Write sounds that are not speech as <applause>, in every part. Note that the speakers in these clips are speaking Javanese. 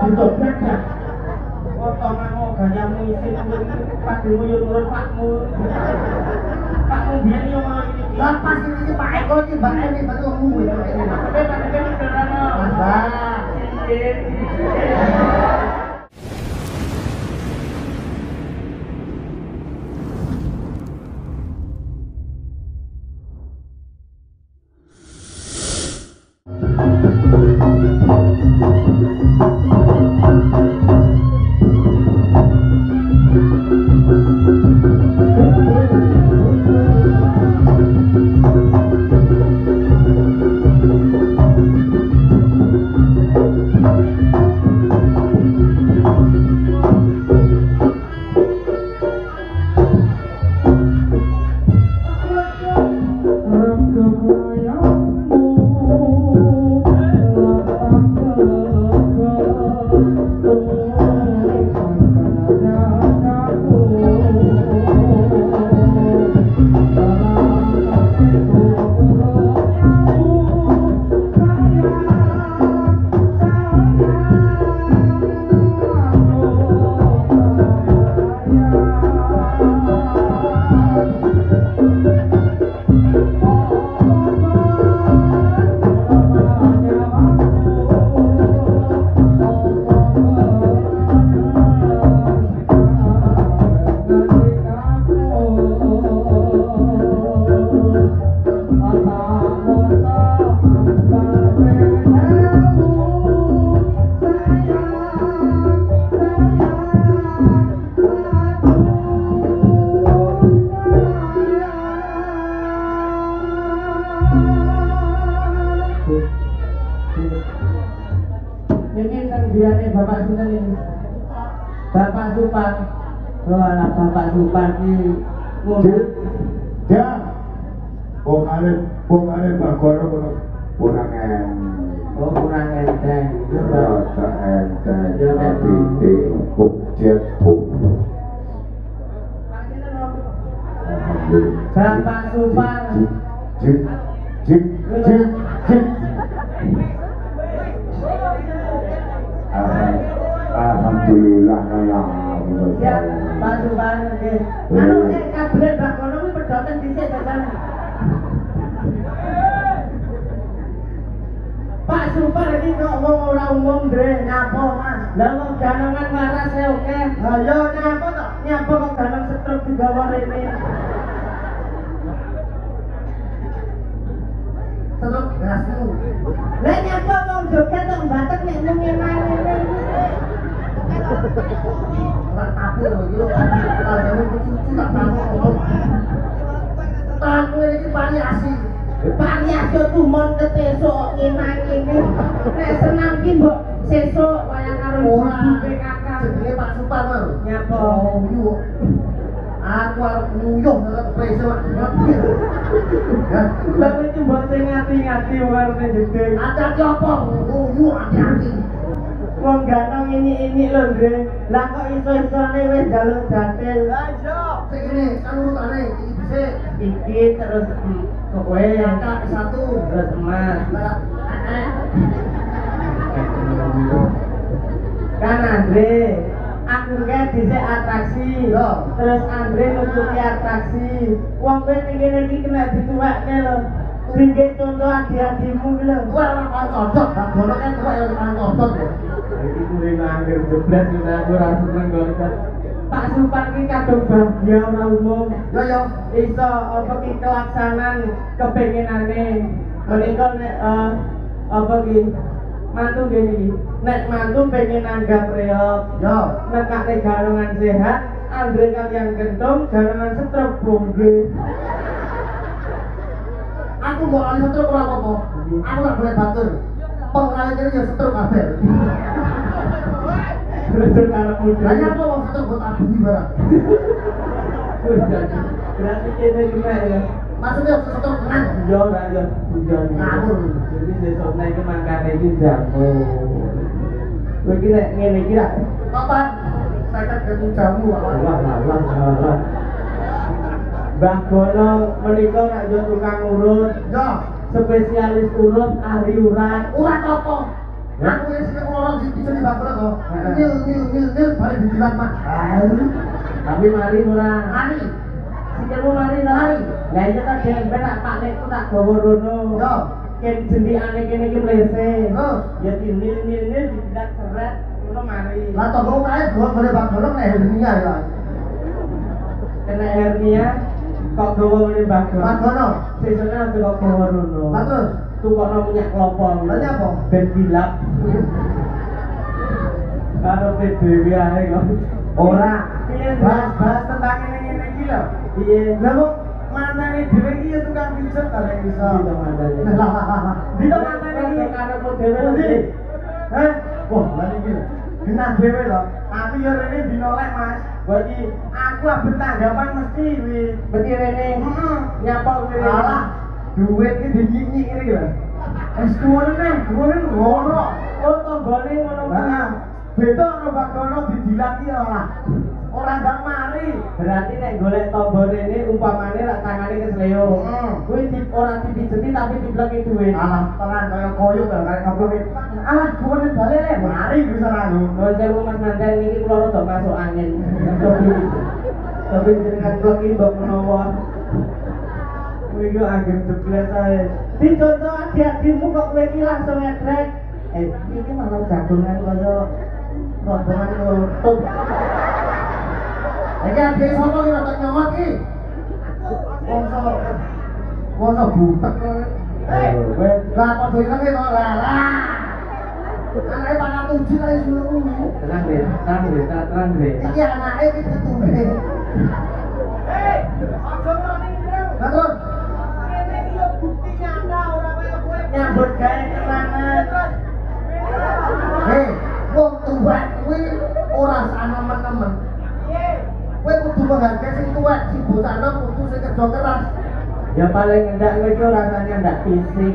untuk kerja potongan mau gaya mengisi pak dulu yuk nurut pak mu pak mu biar nih mau ini lepas ini ini pak Eko ini pak Eko ini baru mau ini tapi pak Eko ini sekarang mau mas pak ini tanggungannya Bapak Sinten ini. Bapak Supan. Walah oh, Bapak Supan ini. Ya. Wong alim, wong alim bagoro ngono. Kurang enteng. Oh, kurang enteng. Ya, enteng. Ya, titik, bukjet, bukjet. Bapak Supan. Jik, jik, jik, jik, Alhamdulillah kaya Pak Supar iki kok wong ora umum dre nyapa Mas. Lah wong janangan waras e oke. Lah yo nyapa to? Nyapa kok ganang setrum digawa rene. Setrum rasmu. Lah nyapa wong joget batek nek nungi nyak do tumon ketesok ki mangi nek senam ki mbok sesuk kaya karo jenenge Pak Supar mau nyapa yu aku arep nyuyuh nek preso Pak Supar lha iki mbok sing ati-ati karo nek jede acak ki opo yu ati wong ganteng ini ini lho Dre lah kok iso isone wis jalur jantil ayo sing ngene kan utane iki bisa iki terus iki Kowe yang kak satu Terus emas Kan Andre Aku ke disi atraksi lho Terus Andre nutupi atraksi Wong kowe mikir kena dituak ke lho Tinggi contoh adi-adimu lho Kowe orang kan cocok Gak boleh kan kowe orang kan cocok ya Ini kuri nanggir jeblet Kena aku rasu menggorok tak sumpah kadung bahagia ora umum yo ya, yo ya. iso apa ini kelaksanan kepengenane menika nek uh, apa ini mantu gini nek mantu pengen anggap reok yo ya. nekake garungan sehat andre kalian gendong garungan setrap bongge aku mau alih setrap ora apa aku gak boleh batur pengalih ini ya setrep kabeh Terus karo Hanya apa kita buat di ibarat berarti kita juga ya maksudnya setor kenang iya enggak iya, iya ngawur jadi besok naik ke makannya itu jamu gue kira ngene kira apa saya kan jamu lah lah Allah, lah Mbah Gono menika nak tukang urut. Yo, spesialis urut ahli urat. Urat apa? Aku wis nil nil nil mari bare dijilat mak tapi mari murah mari sikilmu mari mari lah iya tak jembe tak tak lekku tak gawa rono yo ken jendi ane kene iki mlese ya dinil nil nil dijilat seret ngono mari lah tonggo kae boleh bak golong nek hernia ya kena hernia kok gawa ngene bak golong bak golong sesone aja kok gawa rono terus tukokno minyak klopo lha nyapa ben dilap ngerti dhewe ae kok. Ora. Iya, Bahas-bahas tentang ngene-ngene iki lho. Piye? Lah kok mantane dhewe iki ya tukang pijet ta nek mantan Dito mantane. <laughs> Dito mantane iki karepmu dhewe. Heh. Wah, lha iki lho. Genah dhewe lho. Aku ya rene dinolek, Mas. Bagi aku abet tanggapan mesti wi. Bagi rene. Heeh. Nyapa kuwi. Alah, duit iki dinyinyi ini lho. Es kuwi nang, kuwi ngono. Oh, tambane ngono. beda rupakono didilati lah orang gak mari berarti nek golek tombol rene umpamane rak tangane kesleo hmm. kuwi hmm. orang ora dipijeti tapi dibleki duwe alah tenan kaya koyo gak kaya ngobrol ah kuwi bali le mari bisa aku wong jek mas nanten iki kula rada masuk angin tapi jenengan kok iki mbok menawa kuwi yo angin jeblet sae dicontoh adik-adikmu kok kowe iki langsung ngetrek eh iki malah jagongan kaya Wah, jangan lo. Ayo, ke sana kita tak nyaman ki. Bongso, bongso butak lo. Eh, lapor tuh kita ki lo lah lah. Anaknya pada tuju lagi sudah umi. Terang deh, terang deh, tak terang deh. Iya, anaknya kita tuju. Eh, apa kau ini? Terus. Ini dia buktinya ada orang yang bocana kudu sing kerja keras. Ya paling ndak ngeco rasanya ndak fisik.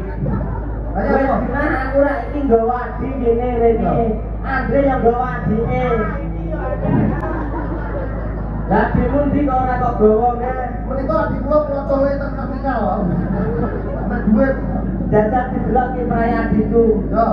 Ayo, gimana aku ra iki nggo wadi ngene rene. Andre yang nggo wadi e. Lah di mundi kok ora kok gowo nge. Menika di kula kula cowe tak kabeh kok. Ana duit jajan di blok ki prayadi tu. Yo.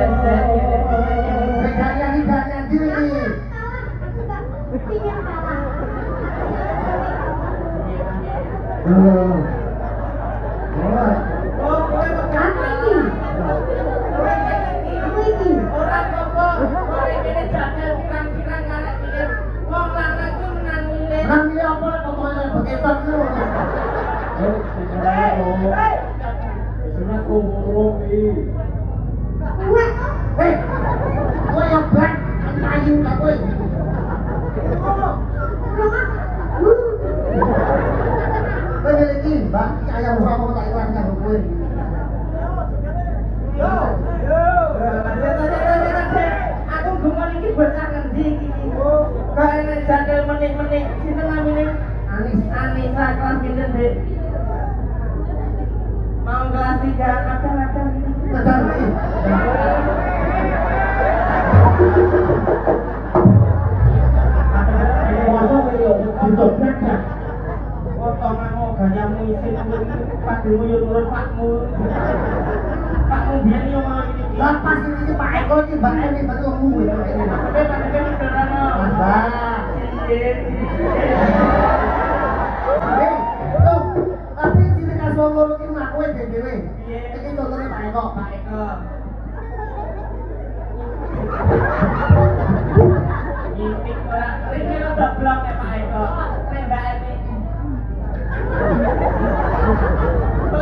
Yeah. 诶 dulu yo turun pakmu pakmu biar nih mau ini lepas ini ini pak Eko ini mbak Eni baru mau ini tapi pak Eko ini sekarang mbak tapi ciri khas Solo ini mak Wei dan Dewi ini contohnya pak Eko pak Eko Thank you.